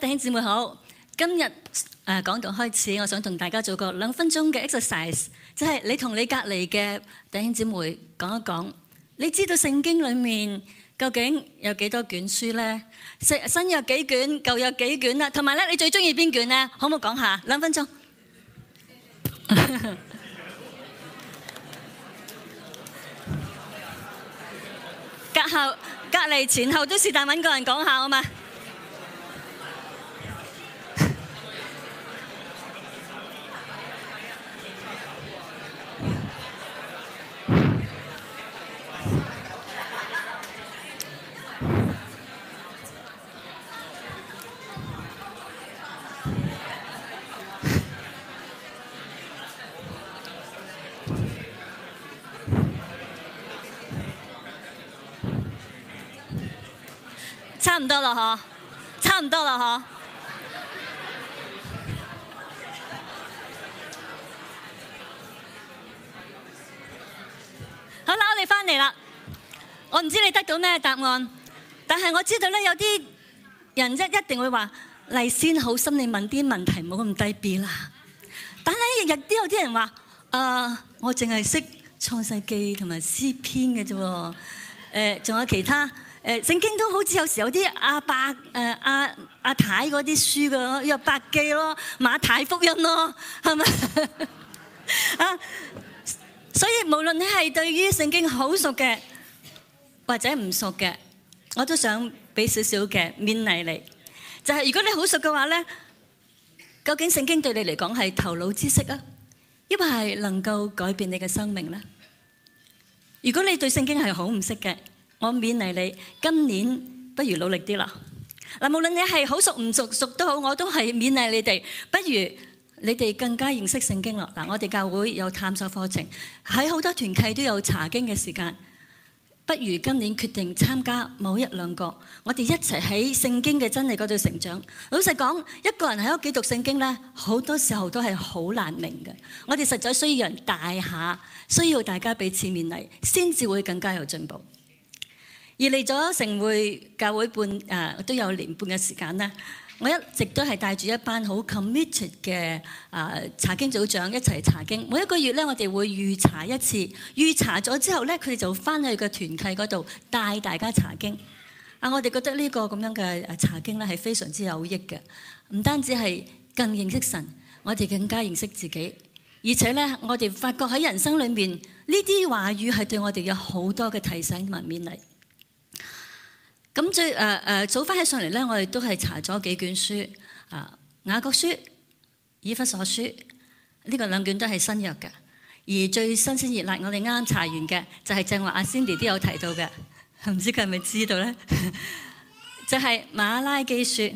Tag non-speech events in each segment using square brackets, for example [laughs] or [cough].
弟兄姊妹好，今日誒講道開始，我想同大家做個兩分鐘嘅 exercise，就係你同你隔籬嘅弟兄姊妹講一講，你知道聖經裏面究竟有幾多卷書呢？新有幾卷，舊有幾卷啊？同埋咧，你最中意邊卷呢？可唔可以講下？兩分鐘，隔後隔籬前後都是但搵個人講下啊嘛。唔多啦嗬，差唔多啦嗬。 [laughs] 好啦，我哋翻嚟啦。我唔知你得到咩答案，但係我知道咧，有啲人一一定會話，麗仙好心，你問啲問題冇咁低 b 啦。但係日日都有啲人話，誒、呃，我淨係識創世紀同埋詩篇嘅啫，誒、呃，仲有其他。誒，聖經都好似有時有啲阿伯，誒阿阿太嗰啲書噶咯，有《伯記》咯，《馬太福音》咯，係咪啊？所以無論你係對於聖經好熟嘅，或者唔熟嘅，我都想俾少少嘅勉勵你。就係、是、如果你好熟嘅話咧，究竟聖經對你嚟講係頭腦知識啊，抑或係能夠改變你嘅生命咧？如果你對聖經係好唔識嘅，我勉勵你，今年不如努力啲啦。嗱，無論你係好熟唔熟熟都好，我都係勉勵你哋。不如你哋更加認識聖經咯。嗱，我哋教會有探索課程，喺好多團契都有查經嘅時間。不如今年決定參加某一兩個，我哋一齊喺聖經嘅真理嗰度成長。老實講，一個人喺屋企讀聖經呢，好多時候都係好難明嘅。我哋實在需要人帶下，需要大家彼此勉勵，先至會更加有進步。而嚟咗城滙教會半誒、呃、都有年半嘅時間啦。我一直都係帶住一班好 committed 嘅誒查、呃、經組長一齊查經。每一個月咧，我哋會預查一次，預查咗之後咧，佢哋就翻去個團契嗰度帶大家查經。啊，我哋覺得呢個咁樣嘅查經咧係非常之有益嘅，唔單止係更認識神，我哋更加認識自己，而且咧我哋發覺喺人生裏面呢啲話語係對我哋有好多嘅提醒同勉勵。咁最誒誒早翻起上嚟咧，我哋都係查咗幾卷書啊，《雅各書》、《以弗所書》，呢個兩卷都係新約嘅。而最新鮮熱辣，我哋啱啱查完嘅就係正話阿 Cindy 都有提到嘅，唔知佢係咪知道咧？就係《馬拉基書》，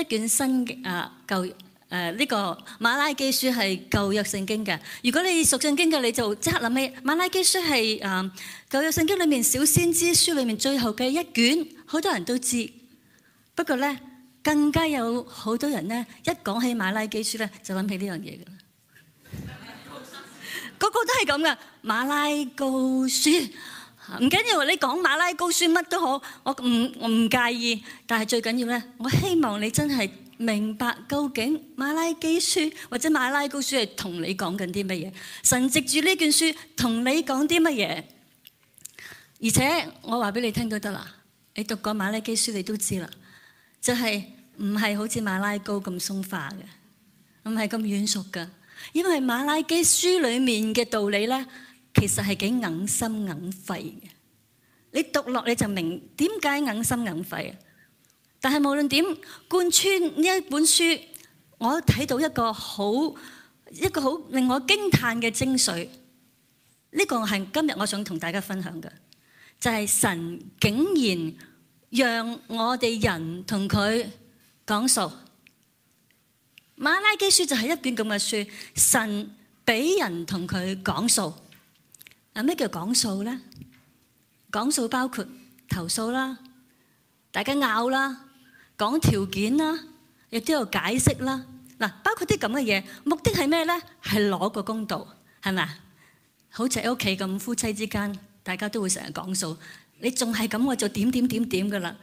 一卷新嘅啊舊誒呢個《馬拉基書》係舊約聖經嘅。如果你熟聖經嘅，你就即刻諗起《馬拉基書》係誒舊約聖經裏面小先知書裏面最後嘅一卷。好多人都知道，不過咧更加有好多人咧一講起馬拉基書咧，就諗起呢樣嘢嘅啦。個 [laughs] 個都係咁嘅馬拉高書，唔緊要你講馬拉高書乜都好，我唔我唔介意。但係最緊要咧，我希望你真係明白究竟馬拉基書或者馬拉高書係同你講緊啲乜嘢，神藉住呢卷書同你講啲乜嘢。而且我話俾你聽都得啦。你讀過馬拉基書，你都知啦，就係唔係好似馬拉糕咁鬆化嘅，唔係咁軟熟㗎。因為馬拉基書裡面嘅道理咧，其實係幾硬心硬肺嘅。你讀落你就明點解硬心硬肺。但係無論點貫穿呢一本書，我都睇到一個好一個好令我驚歎嘅精髓。呢個係今日我想同大家分享嘅。就係神竟然讓我哋人同佢講數，《馬拉基書》就係一卷咁嘅書，神俾人同佢講數。啊，咩叫講數咧？講數包括投訴啦，大家拗啦，講條件啦，亦都有解釋啦。嗱，包括啲咁嘅嘢，目的係咩咧？係攞個公道，係咪啊？好似喺屋企咁，夫妻之間。大家都會成日講數，你仲係咁，我就點點點點㗎喇。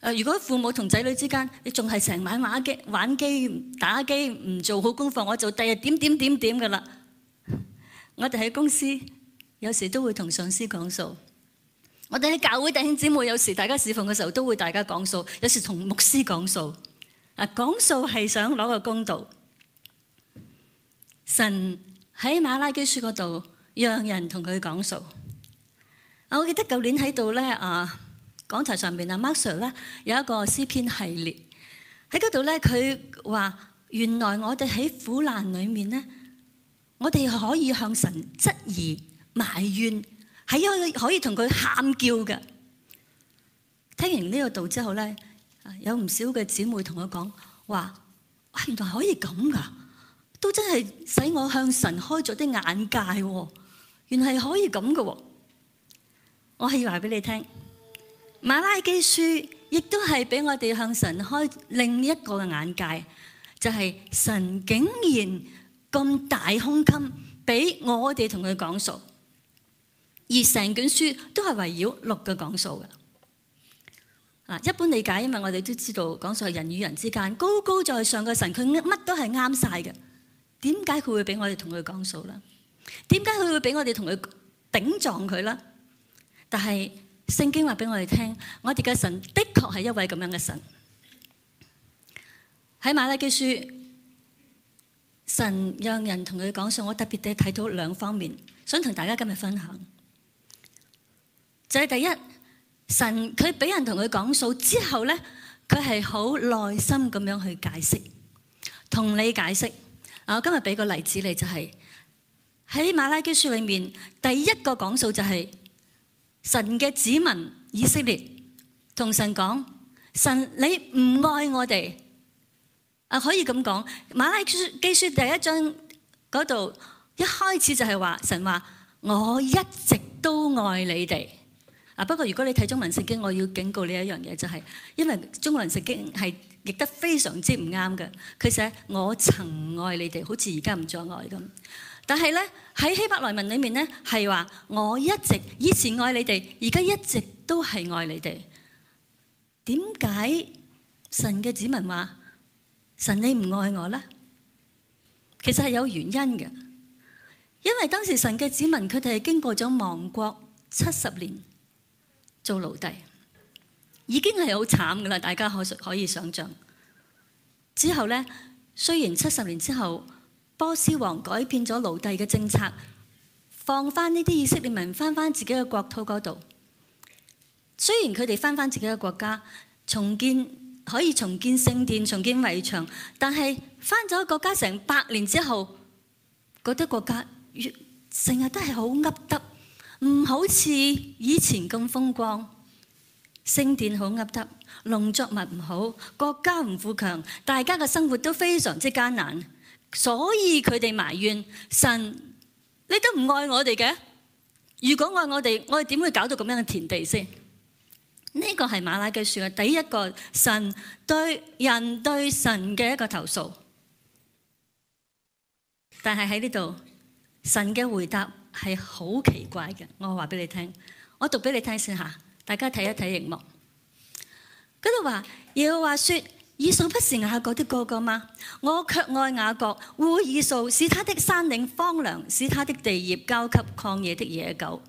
誒，如果父母同仔女之間，你仲係成晚玩機、玩機、打機，唔做好功課，我就第日點點點點㗎喇。我哋喺公司有時都會同上司講數，我哋喺教會弟兄姊妹有時大家侍奉嘅時候都會大家講數，有時同牧師講數。啊，講數係想攞個公道。神喺馬拉基書嗰度，讓人同佢講數。我記得舊年喺度咧，啊，講台上邊阿 Master 咧有一個詩篇系列，喺嗰度咧佢話原來我哋喺苦難裏面咧，我哋可以向神質疑埋怨，係可可以同佢喊叫嘅。聽完呢個道之後咧，有唔少嘅姊妹同我講話，啊，原來是可以咁噶，都真係使我向神開咗啲眼界喎，原係可以咁嘅喎。我係要話俾你聽，馬拉基書亦都係俾我哋向神開另一個嘅眼界，就係神竟然咁大胸襟，俾我哋同佢講數，而成卷書都係圍繞六個講數嘅。啊，一般理解，因為我哋都知道講數係人與人之間，高高在上嘅神，佢乜都係啱晒嘅。點解佢會俾我哋同佢講數呢？點解佢會俾我哋同佢頂撞佢呢？但係聖經話俾我哋聽，我哋嘅神的確係一位咁樣嘅神。喺馬拉基書，神讓人同佢講數。我特別地睇到兩方面，想同大家今日分享。就係、是，第一，神佢俾人同佢講數之後咧，佢係好耐心咁樣去解釋，同你解釋嗱。我今日俾個例子你，就係喺馬拉基書裏面第一個講數就係、是。神嘅子民以色列同神講：神你唔愛我哋啊，可以咁講。馬拉基書第一章嗰度一開始就係話神話：我一直都愛你哋啊。不過如果你睇中文聖經，我要警告你一樣嘢就係，因為中文聖經係譯得非常之唔啱嘅。佢寫我曾愛你哋，好似而家唔再愛咁。但係咧，喺希伯來文裏面呢，係話我一直以前愛你哋，而家一直都係愛你哋。點解神嘅子民話神你唔愛我呢？其實係有原因嘅，因為當時神嘅子民佢哋係經過咗亡國七十年做奴隸，已經係好慘噶啦，大家可可以想象。之後呢，雖然七十年之後，波斯王改變咗奴隸嘅政策，放翻呢啲以色列民翻翻自己嘅國土嗰度。雖然佢哋翻翻自己嘅國家，重建可以重建聖殿、重建圍牆，但係翻咗國家成百年之後，覺得國家越成日都係好噏得，唔好似以前咁風光。聖殿好噏得，農作物唔好，國家唔富強，大家嘅生活都非常之艱難。所以佢哋埋怨神，你都唔愛我哋嘅。如果愛我哋，我哋點會搞到咁樣嘅田地先？呢、這個係瑪拉基書嘅第一個神對人對神嘅一個投訴。但係喺呢度，神嘅回答係好奇怪嘅。我話俾你，你聽，我讀俾你聽先吓，大家睇一睇熒幕。嗰度話，耶和華說。以掃不是雅各的哥哥嗎？我卻愛雅各。惡以掃使他的山嶺荒涼，使他的地業交給曠野的野狗。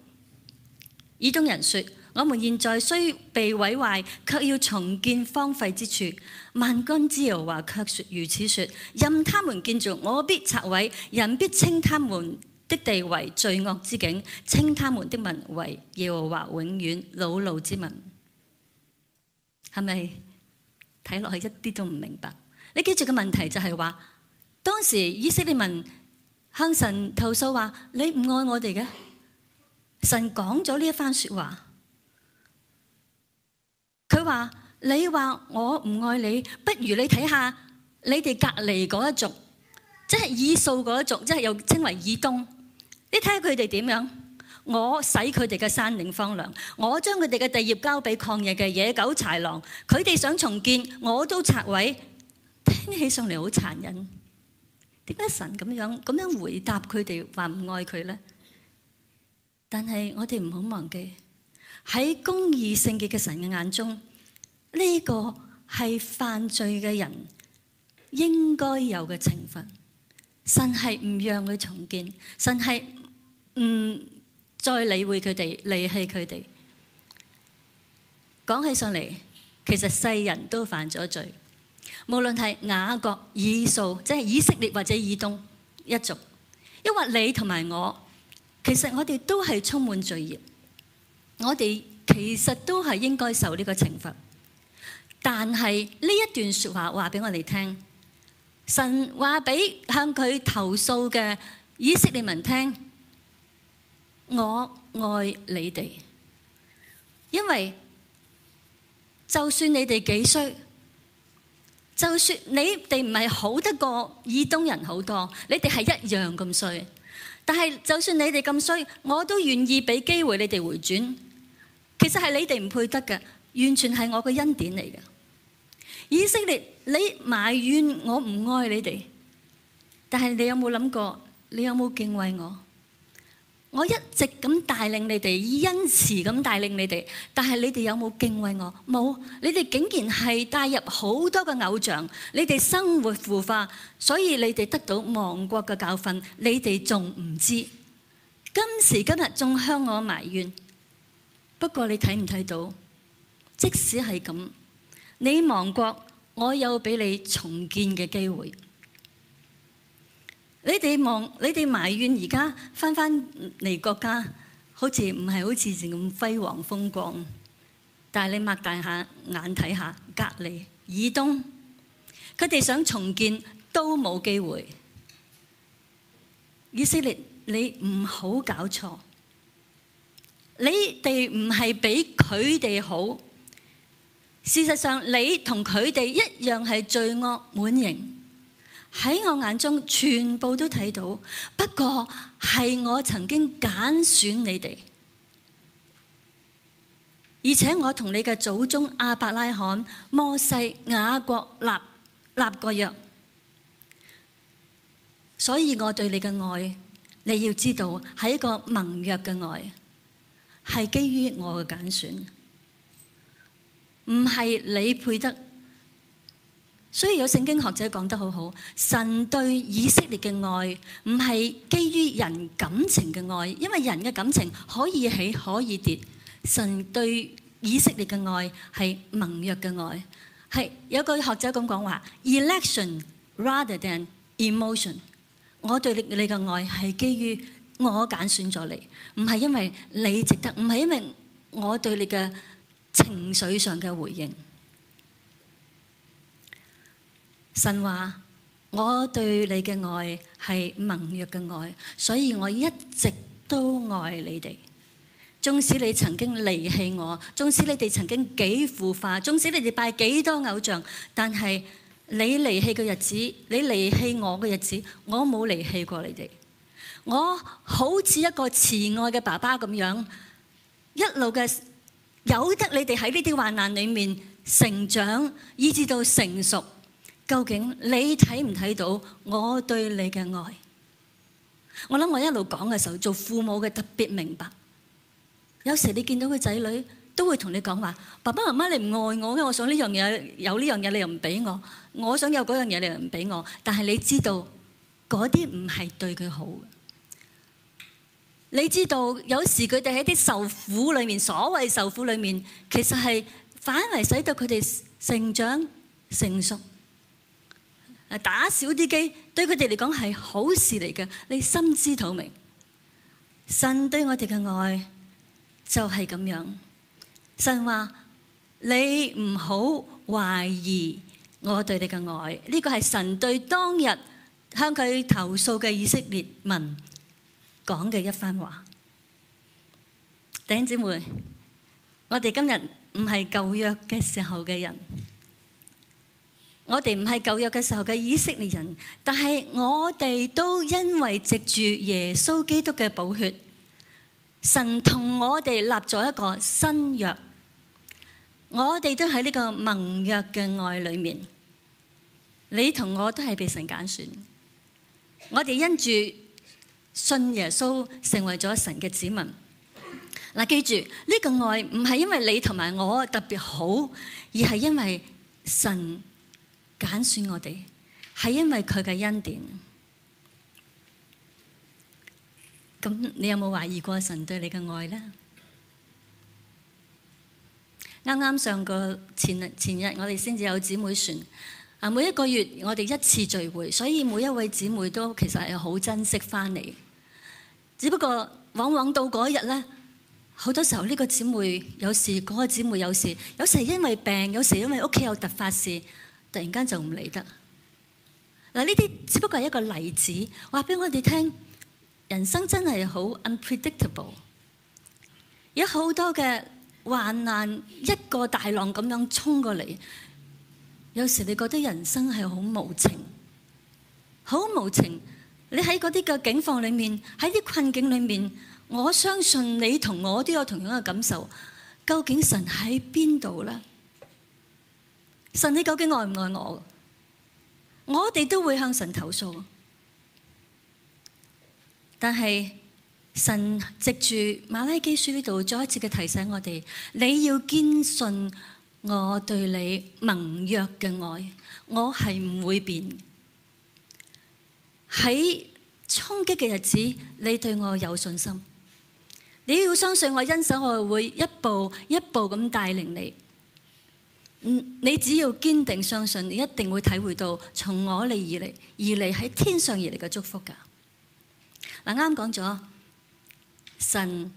以東人說：我們現在雖被毀壞，卻要重建荒廢之處。萬軍之耶和華卻說：如此說，任他們建造，我必拆毀；人必稱他們的地為罪惡之境，稱他們的民為耶和華永遠惱怒之民。係咪？睇落去一啲都唔明白。你記住個問題就係話，當時以色列民向神投訴話：你唔愛我哋，嘅神講咗呢一番說話。佢話：你話我唔愛你，不如你睇下你哋隔離嗰一族，即係以掃嗰一族，即係又稱為以東。你睇下佢哋點樣？我使佢哋嘅山嶺荒涼，我將佢哋嘅地業交俾曠野嘅野狗豺狼。佢哋想重建，我都拆毀，聽起上嚟好殘忍。點解神咁樣咁樣回答佢哋，話唔愛佢咧？但係我哋唔好忘記喺公義聖潔嘅神嘅眼中，呢個係犯罪嘅人應該有嘅懲罰。神係唔讓佢重建，神係唔。再理會佢哋，離棄佢哋。講起上嚟，其實世人都犯咗罪，無論係雅各、以掃，即係以色列或者以東一族，抑或你同埋我，其實我哋都係充滿罪孽。我哋其實都係應該受呢個懲罰，但係呢一段說話話俾我哋聽，神話俾向佢投訴嘅以色列民聽。我愛你哋，因為就算你哋幾衰，就算你哋唔係好得過以東人好多，你哋係一樣咁衰。但係就算你哋咁衰，我都願意俾機會你哋回轉。其實係你哋唔配得嘅，完全係我嘅恩典嚟嘅。以色列，你埋怨我唔愛你哋，但係你有冇諗過？你有冇敬畏我？我一直咁帶領你哋，以恩慈咁帶領你哋，但係你哋有冇敬畏我？冇，你哋竟然係帶入好多嘅偶像，你哋生活腐化，所以你哋得到亡國嘅教訓，你哋仲唔知？今時今日仲向我埋怨。不過你睇唔睇到？即使係咁，你亡國，我有俾你重建嘅機會。你哋望，你哋埋怨而家翻返嚟國家，好似唔係好似前咁輝煌風光。但係你擘大下眼睇下，隔離以東，佢哋想重建都冇機會。以色列，你唔好搞錯，你哋唔係比佢哋好。事實上，你同佢哋一樣係罪惡滿盈。喺我眼中全部都睇到，不過係我曾經揀選你哋，而且我同你嘅祖宗亞伯拉罕、摩西雅各、雅各立立個約，所以我對你嘅愛，你要知道係一個盟約嘅愛，係基於我嘅揀選，唔係你配得。所以有聖經學者講得好好，神對以色列嘅愛唔係基於人感情嘅愛，因為人嘅感情可以起可以跌。神對以色列嘅愛係盟約嘅愛，係有個學者咁講話：Election rather than emotion。我對你你嘅愛係基於我揀選咗你，唔係因為你值得，唔係因為我對你嘅情緒上嘅回應。神話：我對你嘅愛係盟約嘅愛，所以我一直都愛你哋。縱使你曾經離棄我，縱使你哋曾經幾腐化，縱使你哋拜幾多偶像，但係你離棄嘅日子，你離棄我嘅日子，我冇離棄過你哋。我好似一個慈愛嘅爸爸咁樣，一路嘅有得你哋喺呢啲患難裏面成長，以至到成熟。究竟你睇唔睇到我對你嘅愛？我諗我一路講嘅時候，做父母嘅特別明白。有時你見到個仔女都會同你講話，爸爸媽媽，你唔愛我，因為我想呢樣嘢，有呢樣嘢你又唔俾我，我想有嗰樣嘢你又唔俾我。但係你知道嗰啲唔係對佢好。你知道有時佢哋喺啲受苦裏面，所謂受苦裏面，其實係反為使到佢哋成長成熟。打少啲機對佢哋嚟講係好事嚟嘅，你心知肚明。神對我哋嘅愛就係咁樣。神話你唔好懷疑我對你嘅愛，呢個係神對當日向佢投訴嘅以色列民講嘅一番話。頂姊妹，我哋今日唔係舊約嘅時候嘅人。我哋唔係舊約嘅時候嘅以色列人，但係我哋都因為藉住耶穌基督嘅寶血，神同我哋立咗一個新約。我哋都喺呢個盟約嘅愛裏面，你同我都係被神揀選。我哋因住信耶穌成為咗神嘅子民。嗱，記住，呢個愛唔係因為你同埋我特別好，而係因為神。揀選我哋係因為佢嘅恩典。咁你有冇懷疑過神對你嘅愛呢？啱啱上個前前日，我哋先至有姊妹船啊。每一個月我哋一次聚會，所以每一位姊妹都其實係好珍惜翻嚟。只不過往往到嗰日呢，好多時候呢個姊妹有事，嗰個姊妹有事，有時係因為病，有時因為屋企有突發事。突然間就唔理得，嗱，呢啲只不過係一個例子，話俾我哋聽，人生真係好 unpredictable，有好多嘅患難一個大浪咁樣衝過嚟，有時你覺得人生係好無情，好無情，你喺嗰啲嘅境況裡面，喺啲困境裡面，我相信你同我都有同樣嘅感受，究竟神喺邊度咧？神，你究竟愛唔愛我？我哋都會向神投訴，但係神藉住馬拉基書呢度再一次嘅提醒我哋：你要堅信我對你盟約嘅愛，我係唔會變的。喺衝擊嘅日子，你對我有信心。你要相信我，因守我會一步一步咁帶領你。嗯，你只要堅定相信，你一定會體會到從我嚟而嚟，而嚟喺天上而嚟嘅祝福噶。嗱，啱講咗，神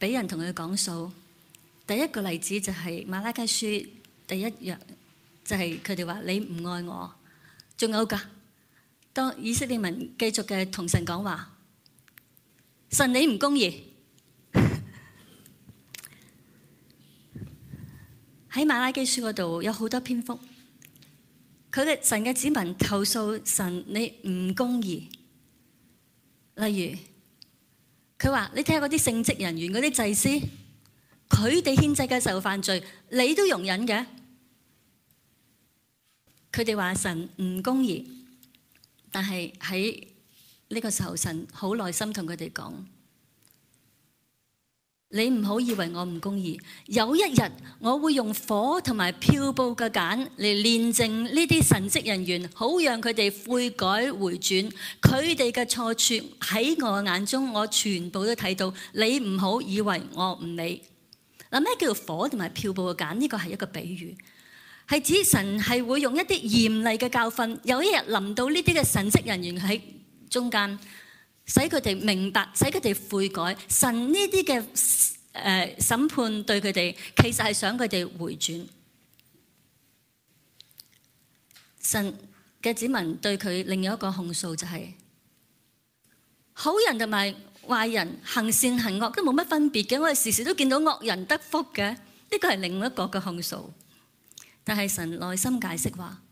俾人同佢講數，第一個例子就係馬拉基書第一章，就係佢哋話你唔愛我，仲有噶，當以色列民繼續嘅同神講話，神你唔公義。喺馬拉基書嗰度有好多篇幅，佢嘅神嘅子民投訴神你唔公義，例如佢話你睇下嗰啲聖職人員嗰啲祭司，佢哋牽制嘅受犯罪，你都容忍嘅，佢哋話神唔公義，但係喺呢個時候神好耐心同佢哋講。你唔好以為我唔公義，有一日我會用火同埋漂布嘅鹼嚟煉淨呢啲神職人員，好讓佢哋悔改回轉。佢哋嘅錯處喺我眼中，我全部都睇到。你唔好以為我唔理。嗱，咩叫做火同埋漂布嘅鹼？呢個係一個比喻，係指神係會用一啲嚴厲嘅教訓，有一日臨到呢啲嘅神職人員喺中間。使佢哋明白，使佢哋悔改。神呢啲嘅誒審判對佢哋，其實係想佢哋回轉。神嘅子民對佢另一個控訴就係、是、好人同埋壞人行善行惡都冇乜分別嘅，我哋時時都見到惡人得福嘅。呢個係另一個嘅控訴。但係神耐心解釋話，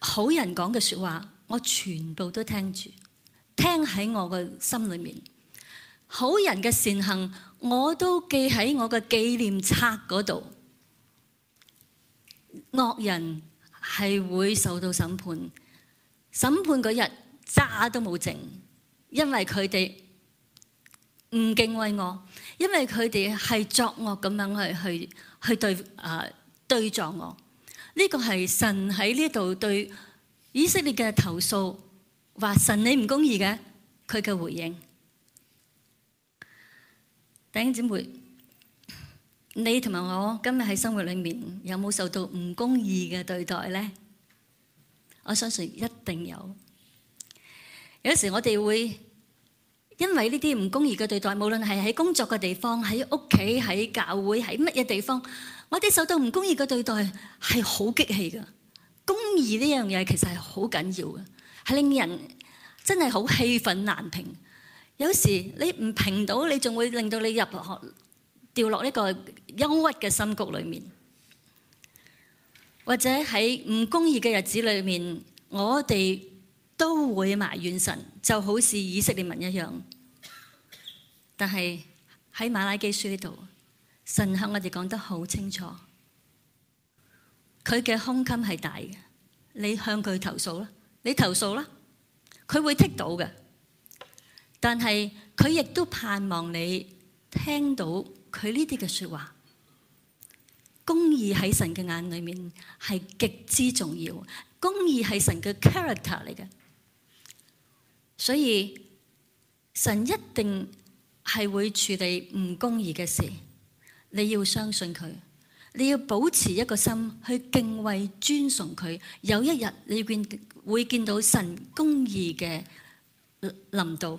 好人講嘅說的話。我全部都聽住，聽喺我嘅心裏面，好人嘅善行我都記喺我嘅紀念冊嗰度。惡人係會受到審判，審判嗰日渣都冇剩，因為佢哋唔敬畏我，因為佢哋係作惡咁樣去去去對啊、呃、對撞我。呢、這個係神喺呢度對以色列嘅投訴話神你唔公義嘅，佢嘅回應，弟兄姊妹，你同埋我今日喺生活裏面有冇受到唔公義嘅對待呢？我相信一定有。有時我哋會因為呢啲唔公義嘅對待，無論係喺工作嘅地方、喺屋企、喺教會、喺乜嘢地方，我哋受到唔公義嘅對待係好激氣㗎。公義呢樣嘢其實係好緊要嘅，係令人真係好氣憤難平。有時你唔平到，你仲會令到你入學掉落呢個憂鬱嘅深谷裏面，或者喺唔公義嘅日子裏面，我哋都會埋怨神，就好似以色列民一樣。但係喺馬拉基書呢度，神向我哋講得好清楚。佢嘅胸襟係大嘅，你向佢投訴啦，你投訴啦，佢會剔到嘅。但係佢亦都盼望你聽到佢呢啲嘅說話。公義喺神嘅眼裏面係極之重要，公義係神嘅 character 嚟嘅，所以神一定係會處理唔公義嘅事，你要相信佢。你要保持一個心去敬畏尊崇佢，有一日你見會見到神公義嘅臨到。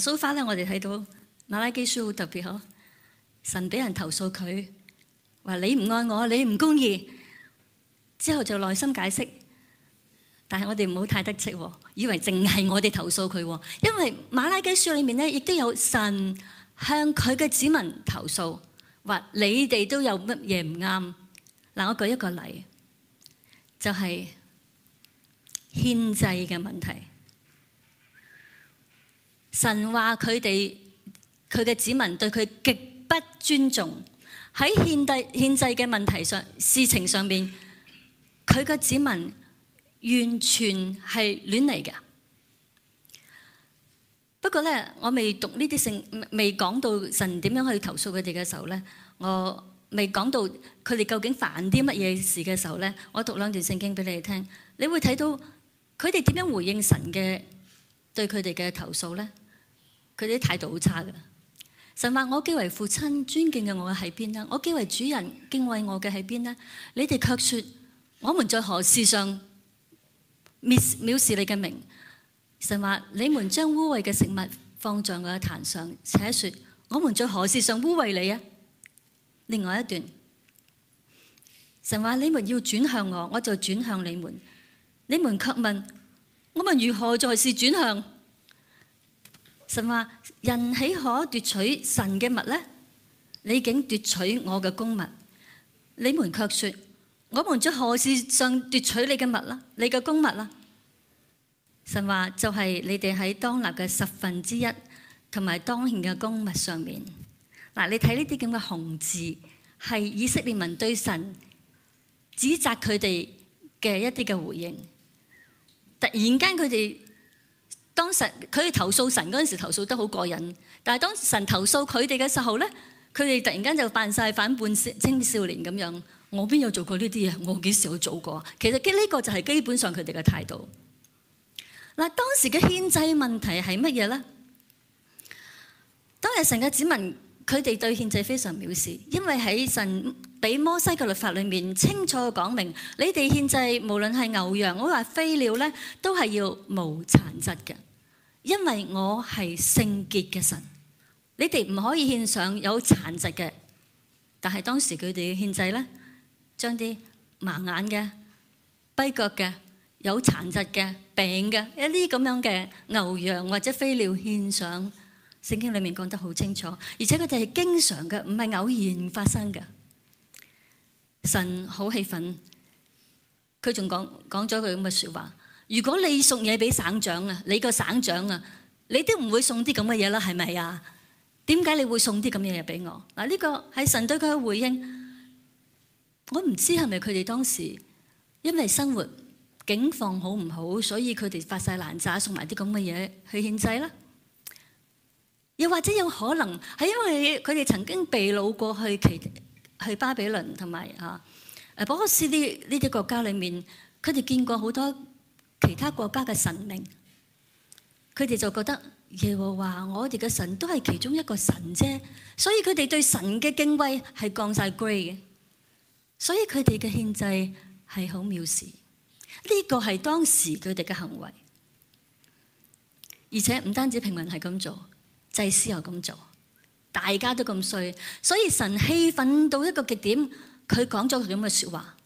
So far 咧，我哋睇到馬拉基書好特別呵，神俾人投訴佢話你唔愛我，你唔公義，之後就耐心解釋。但係我哋唔好太得戚，以為淨係我哋投訴佢，因為馬拉基書裏面呢，亦都有神。向佢嘅子民投訴，話你哋都有乜嘢唔啱？嗱，我舉一個例，就係獻祭嘅問題。神話佢哋佢嘅子民對佢極不尊重，喺獻祭獻祭嘅問題上事情上邊，佢嘅子民完全係亂嚟嘅。不過咧，我未讀呢啲聖，未講到神點樣去投訴佢哋嘅時候咧，我未講到佢哋究竟犯啲乜嘢事嘅時候咧，我讀兩段聖經俾你哋聽，你會睇到佢哋點樣回應神嘅對佢哋嘅投訴咧？佢哋態度好差噶。神話我既為父親尊敬嘅我喺邊啊？我既為主人敬畏我嘅喺邊呢？你哋卻說我們在何事上蔑藐，藐，藐視你嘅名？神話，你們將污穢嘅食物放在我嘅壇上，且說我們在何事上污穢你啊？另外一段，神話，你們要轉向我，我就轉向你們。你們卻問我們如何在事轉向？神話，人豈可奪取神嘅物呢？你竟奪取我嘅公物。你們卻說我們在何事上奪取你嘅物啦？你嘅公物啦？神話就係、是、你哋喺當納嘅十分之一，同埋當獻嘅供物上面。嗱，你睇呢啲咁嘅紅字，係以色列民對神指責佢哋嘅一啲嘅回應。突然間佢哋當神，佢哋投訴神嗰陣時投訴得好過癮，但係當神投訴佢哋嘅時候咧，佢哋突然間就扮晒反叛青少年咁樣。我邊有做過呢啲嘢？我幾時有做過？其實基呢個就係基本上佢哋嘅態度。嗱，當時嘅獻祭問題係乜嘢咧？當日神嘅子民，佢哋對獻祭非常藐視，因為喺神俾摩西嘅律法裏面清楚講明，你哋獻祭無論係牛羊，我話飛鳥咧，都係要無殘疾嘅，因為我係聖潔嘅神，你哋唔可以獻上有殘疾嘅。但係當時佢哋嘅獻祭咧，將啲盲眼嘅、跛腳嘅、有殘疾嘅、病嘅一啲咁樣嘅牛羊或者飛鳥獻上，聖經裏面講得好清楚，而且佢哋係經常嘅，唔係偶然發生嘅。神好氣憤，佢仲講講咗句咁嘅說話：如果你送嘢俾省長啊，你個省長啊，你都唔會送啲咁嘅嘢啦，係咪啊？點解你會送啲咁嘅嘢俾我？嗱，呢個係神對佢嘅回應。我唔知係咪佢哋當時因為生活。境況好唔好？所以佢哋發晒爛渣，送埋啲咁嘅嘢去獻祭啦。又或者有可能係因為佢哋曾經被擄過去其去巴比倫同埋啊，波斯呢呢啲國家裡面，佢哋見過好多其他國家嘅神明，佢哋就覺得耶和華我哋嘅神都係其中一個神啫，所以佢哋對神嘅敬畏係降晒 grade 嘅，所以佢哋嘅獻祭係好藐視。呢個係當時佢哋嘅行為，而且唔單止平民係咁做，祭司又咁做，大家都咁衰，所以神氣憤到一個極點，佢講咗句咁嘅説話：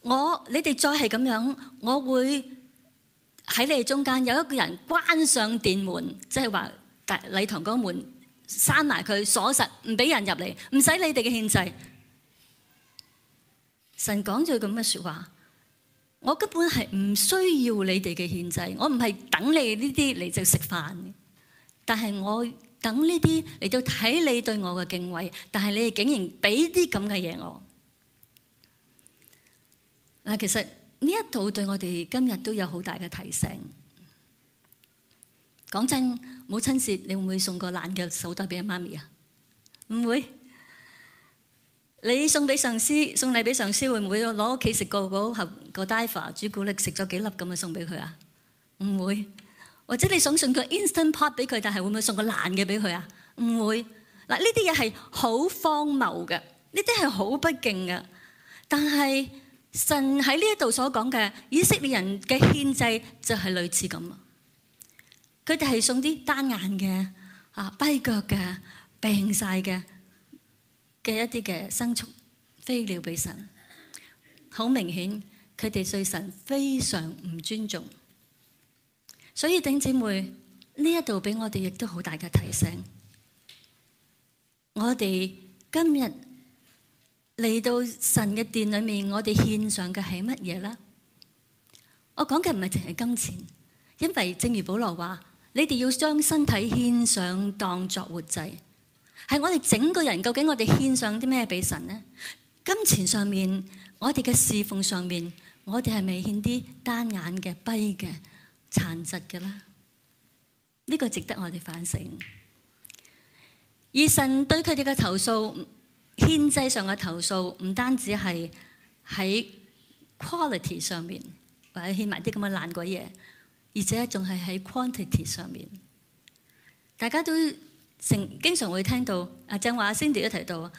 我你哋再係咁樣，我會喺你哋中間有一個人關上殿門，即係話禮堂嗰個門閂埋佢鎖實，唔俾人入嚟，唔使你哋嘅獻祭。」神講咗句咁嘅説話。我根本係唔需要你哋嘅獻祭，我唔係等你呢啲嚟就食飯，但係我等呢啲嚟到睇你對我嘅敬畏，但係你哋竟然俾啲咁嘅嘢我。嗱，其實呢一度對我哋今日都有好大嘅提醒。講真，母親節你會唔會送個爛嘅手袋俾阿媽咪啊？唔會。你送俾上司，送禮俾上司會唔會攞屋企食個寶盒個 daiya 朱古力食咗幾粒咁啊，送俾佢啊？唔會，或者你想送個 Instant Pot 俾佢，但係會唔會送個爛嘅俾佢啊？唔會。嗱，呢啲嘢係好荒謬嘅，呢啲係好不敬嘅。但係神喺呢一度所講嘅以色列人嘅獻祭就係類似咁啊，佢哋係送啲單眼嘅、啊跛腳嘅病晒嘅。嘅一啲嘅牲畜、飛鳥俾神，好明顯佢哋對神非常唔尊重，所以頂姐妹呢一度俾我哋亦都好大嘅提醒。我哋今日嚟到神嘅殿裏面，我哋獻上嘅係乜嘢呢？我講嘅唔係淨係金錢，因為正如保羅話，你哋要將身體獻上，當作活祭。係我哋整個人，究竟我哋獻上啲咩俾神呢？金錢上面，我哋嘅侍奉上面，我哋係咪獻啲單眼嘅、跛嘅、殘疾嘅啦？呢個值得我哋反省。以神對佢哋嘅投訴，獻祭上嘅投訴，唔單止係喺 quality 上面，或者獻埋啲咁嘅爛鬼嘢，而且仲係喺 quantity 上面。大家都。成經常會聽到阿鄭話阿 Cindy 都提到，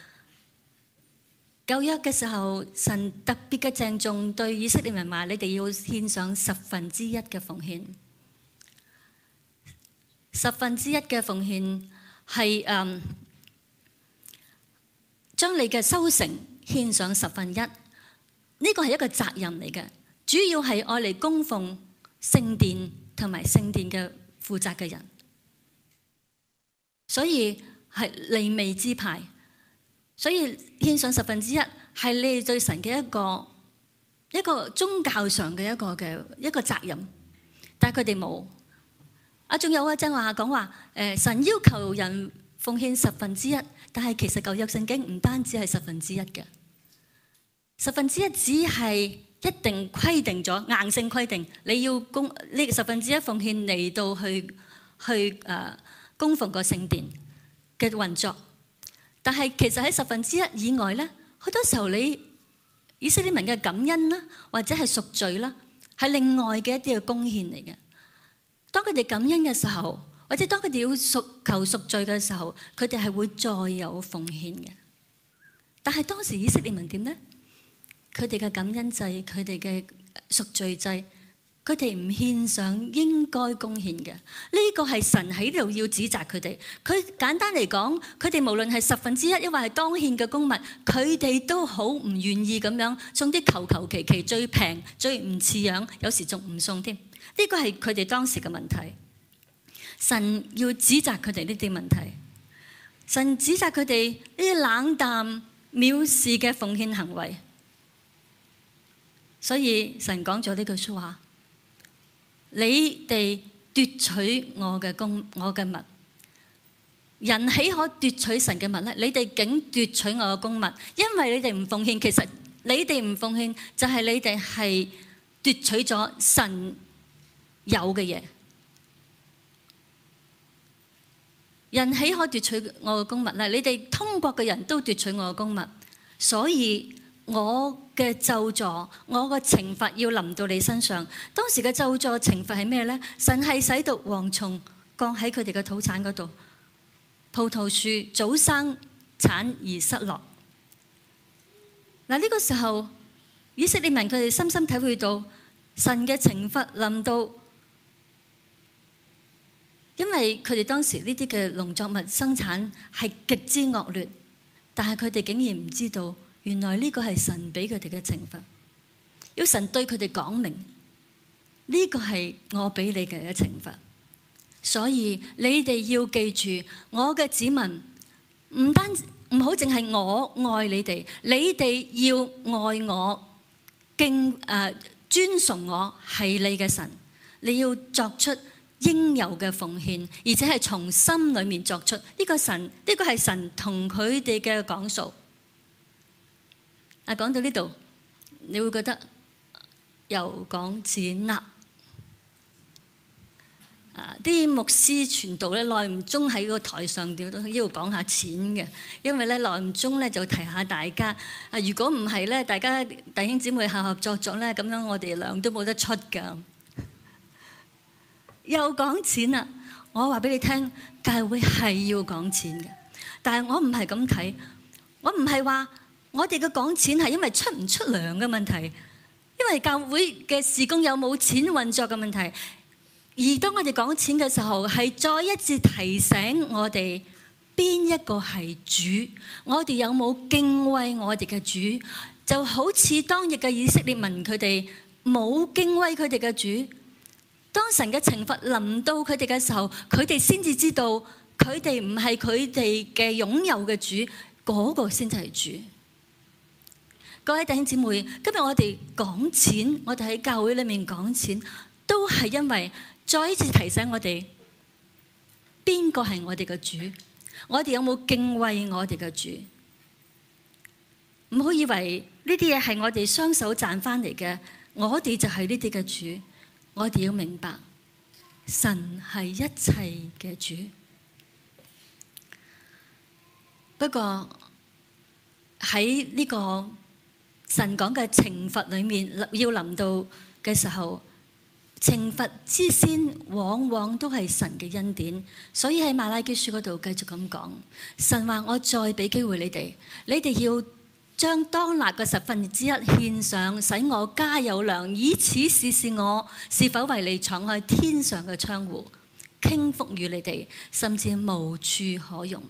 舊約嘅時候，神特別嘅鄭重對以色列人話：你哋要獻上十分之一嘅奉獻。十分之一嘅奉獻係誒將你嘅收成獻上十分一。呢個係一個責任嚟嘅，主要係愛嚟供奉聖殿同埋聖殿嘅負責嘅人。所以係利未支派，所以獻上十分之一係你哋對神嘅一個一個宗教上嘅一個嘅一個責任，但係佢哋冇。啊，仲有啊，正話講話，誒，神要求人奉獻十分之一，但係其實舊約聖經唔單止係十分之一嘅，十分之一只係一定規定咗硬性規定，你要供個呢十分之一奉獻嚟到去去誒。呃供奉個聖殿嘅運作，但係其實喺十分之一以外咧，好多時候你以色列民嘅感恩啦，或者係贖罪啦，係另外嘅一啲嘅貢獻嚟嘅。當佢哋感恩嘅時候，或者當佢哋要贖求贖罪嘅時候，佢哋係會再有奉獻嘅。但係當時以色列民點咧？佢哋嘅感恩祭，佢哋嘅贖罪祭。佢哋唔獻上應該貢獻嘅，呢個係神喺度要指責佢哋。佢簡單嚟講，佢哋無論係十分之一，抑或係當獻嘅供物，佢哋都好唔願意咁樣送啲求求其其，最平最唔似樣，有時仲唔送添。呢個係佢哋當時嘅問題。神要指責佢哋呢啲問題，神指責佢哋呢啲冷淡藐視嘅奉獻行為。所以神講咗呢句説話。你哋奪取我嘅供我嘅物，人豈可奪取神嘅物呢？你哋竟奪取我嘅供物，因為你哋唔奉獻。其實你哋唔奉獻，就係你哋係奪取咗神有嘅嘢。人豈可奪取我嘅供物呢？你哋通國嘅人都奪取我嘅供物，所以。我嘅咒詛，我嘅懲罰要臨到你身上。當時嘅咒詛懲罰係咩咧？神係使到蝗蟲降喺佢哋嘅土產嗰度，葡萄樹早生產而失落。嗱、這、呢個時候，以色列民佢哋深深體會到神嘅懲罰臨到，因為佢哋當時呢啲嘅農作物生產係極之惡劣，但係佢哋竟然唔知道。原來呢個係神俾佢哋嘅懲罰，要神對佢哋講明，呢個係我俾你嘅懲罰，所以你哋要記住我嘅子民，唔單唔好淨係我愛你哋，你哋要愛我，敬誒、呃、尊崇我係你嘅神，你要作出應有嘅奉獻，而且係從心裏面作出呢、這個神，呢、這個係神同佢哋嘅講數。啊，講到呢度，你會覺得又講錢啦。啊，啲牧師傳道咧，耐唔中喺個台上點都要講下錢嘅，因為咧耐唔中咧就提下大家。啊，如果唔係咧，大家弟兄姊妹合作作咗咧，咁樣我哋兩都冇得出噶。又講錢啦，我話俾你聽，教會係要講錢嘅，但係我唔係咁睇，我唔係話。我哋嘅講錢係因為出唔出糧嘅問題，因為教會嘅事工有冇錢運作嘅問題。而當我哋講錢嘅時候，係再一次提醒我哋邊一個係主，我哋有冇敬畏我哋嘅主，就好似當日嘅以色列民，佢哋冇敬畏佢哋嘅主，當神嘅懲罰臨到佢哋嘅時候，佢哋先至知道佢哋唔係佢哋嘅擁有嘅主，嗰個先至係主。各位弟兄姊妹，今日我哋講錢，我哋喺教會裏面講錢，都係因為再一次提醒我哋，邊個係我哋嘅主？我哋有冇敬畏我哋嘅主？唔好以為呢啲嘢係我哋雙手賺翻嚟嘅，我哋就係呢啲嘅主。我哋要明白，神係一切嘅主。不過喺呢個。神講嘅懲罰裡面要臨到嘅時候，懲罰之先往往都係神嘅恩典，所以喺馬拉基書嗰度繼續咁講，神話，我再俾機會你哋，你哋要將當納嘅十分之一獻上，使我家有糧，以此試試我是否為你敞開天上嘅窗戶，傾覆於你哋，甚至無處可容，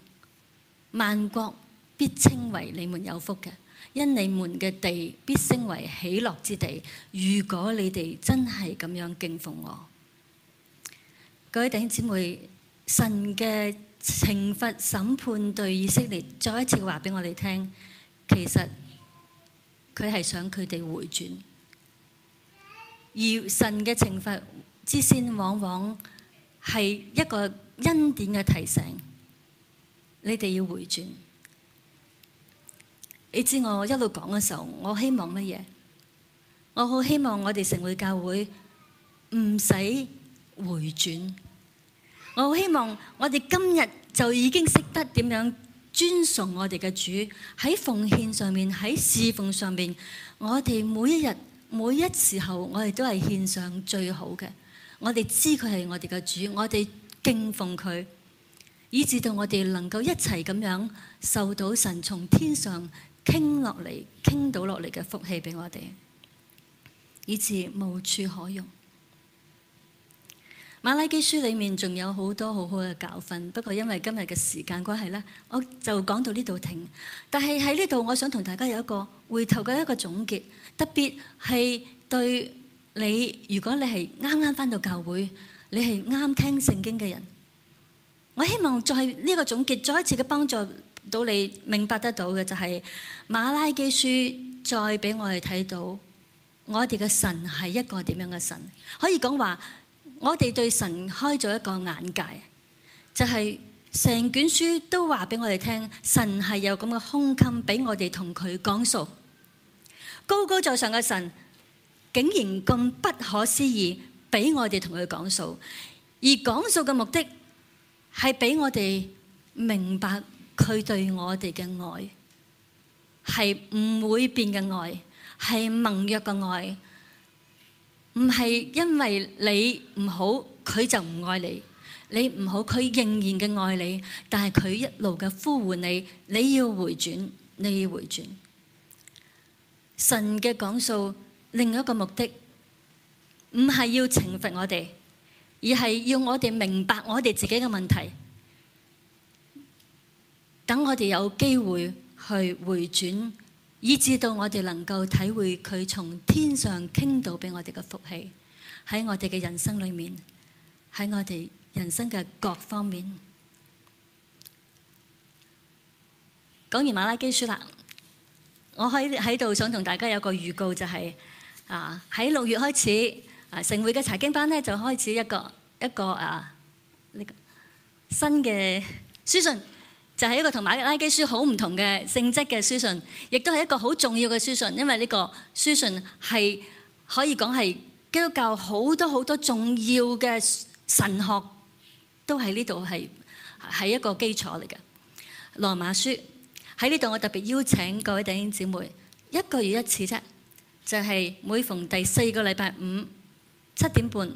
萬國，必稱為你們有福嘅，因你們嘅地必稱為喜樂之地。如果你哋真係咁樣敬奉我，各位弟兄姊妹，神嘅懲罰審判對以色列，再一次話俾我哋聽，其實佢係想佢哋回轉，而神嘅懲罰之先，往往係一個恩典嘅提醒，你哋要回轉。你知我一路講嘅時候，我希望乜嘢？我好希望我哋城滙教會唔使回轉。我好希望我哋今日就已經識得點樣尊崇我哋嘅主，喺奉獻上面，喺侍奉上面，我哋每一日每一時候，我哋都係獻上最好嘅。我哋知佢係我哋嘅主，我哋敬奉佢，以至到我哋能夠一齊咁樣受到神從天上，傾落嚟，傾到落嚟嘅福氣俾我哋，以至無處可用。馬拉基書裏面仲有好多好好嘅教訓，不過因為今日嘅時間關係呢，我就講到呢度停。但係喺呢度，我想同大家有一個回頭嘅一個總結，特別係對你，如果你係啱啱翻到教會，你係啱聽聖經嘅人，我希望再呢個總結，再一次嘅幫助。到你明白得到嘅就係馬拉基書再俾我哋睇到，我哋嘅神係一個點樣嘅神？可以講話，我哋對神開咗一個眼界，就係成卷書都話俾我哋聽，神係有咁嘅胸襟，俾我哋同佢講數。高高在上嘅神竟然咁不可思議，俾我哋同佢講數，而講數嘅目的係俾我哋明白。佢對我哋嘅愛係唔會變嘅愛，係盟約嘅愛，唔係因為你唔好佢就唔愛你，你唔好佢仍然嘅愛你，但係佢一路嘅呼喚你，你要回轉，你要回轉。神嘅講數另一個目的，唔係要懲罰我哋，而係要我哋明白我哋自己嘅問題。等我哋有機會去回轉，以至到我哋能夠體會佢從天上傾倒俾我哋嘅福氣，喺我哋嘅人生裏面，喺我哋人生嘅各方面。講完馬拉基書啦，我喺喺度想同大家有個預告，就係、是、啊喺六月開始啊，城滙嘅查經班咧就開始一個一個啊呢、這個新嘅書信。就係一個同瑪拉基書好唔同嘅性質嘅書信，亦都係一個好重要嘅書信，因為呢個書信係可以講係基督教好多好多重要嘅神學都喺呢度係係一個基礎嚟嘅。羅馬書喺呢度，在這裏我特別邀請各位弟兄姊妹一個月一次啫，就係、是、每逢第四個禮拜五七點半，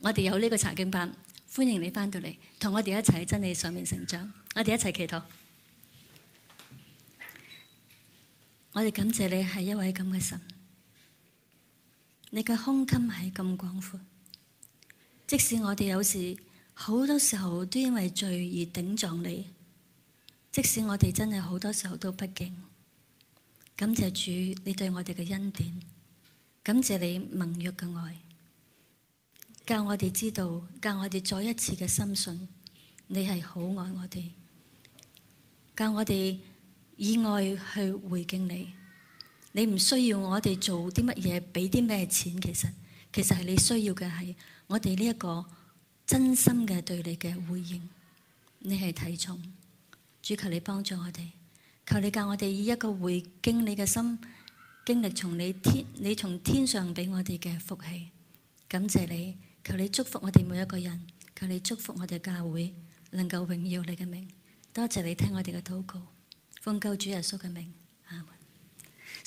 我哋有呢個查經班。歡迎你翻到嚟，同我哋一齊喺真理上面成長。我哋一齊祈禱，我哋感謝你係一位咁嘅神，你嘅胸襟係咁廣闊。即使我哋有時好多時候都因為罪而頂撞你，即使我哋真係好多時候都不敬，感謝主你對我哋嘅恩典，感謝你盟約嘅愛。教我哋知道，教我哋再一次嘅深信，你係好愛我哋。教我哋以愛去回敬你。你唔需要我哋做啲乜嘢，俾啲咩錢？其實其實係你需要嘅係我哋呢一個真心嘅對你嘅回應。你係睇重主，求你幫助我哋。求你教我哋以一個回敬你嘅心，經歷從你天你從天上俾我哋嘅福氣。感謝你。求你祝福我哋每一個人，求你祝福我哋教會，能夠榮耀你嘅名。多謝你聽我哋嘅禱告，奉救主耶穌嘅名。